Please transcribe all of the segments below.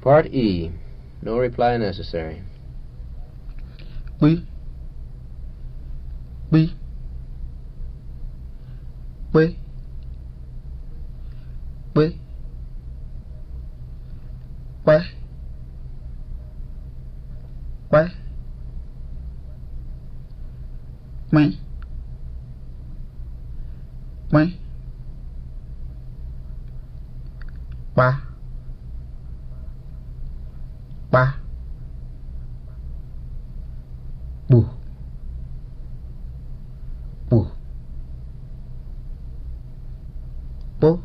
Part E. No reply necessary. We. We. We. We. Why? Why? Why? Why? Why? pa bu bu po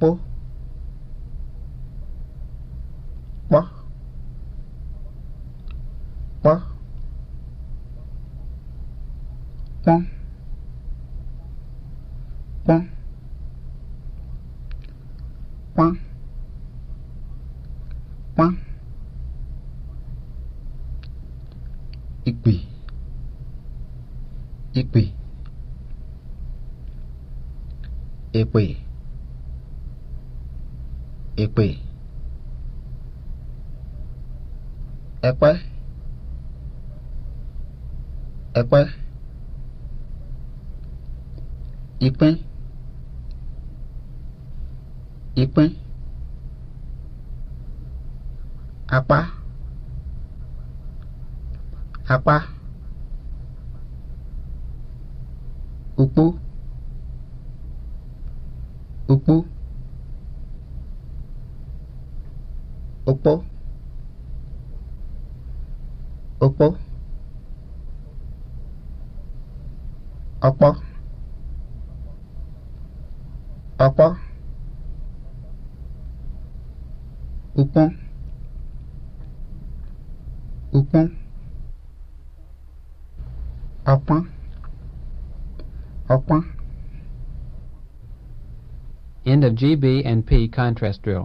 po pa pa pa pa ìpè ìpè ìpè ìpè ẹpẹ́ ẹpẹ́ ìpín ìpín apá apá opó opó ọpọ́ ọpọ́ ọpọ́ ọpọ́ òpọ́n òpọ́n. apọ́n ọpọ́n. End of GB and P contrast drill.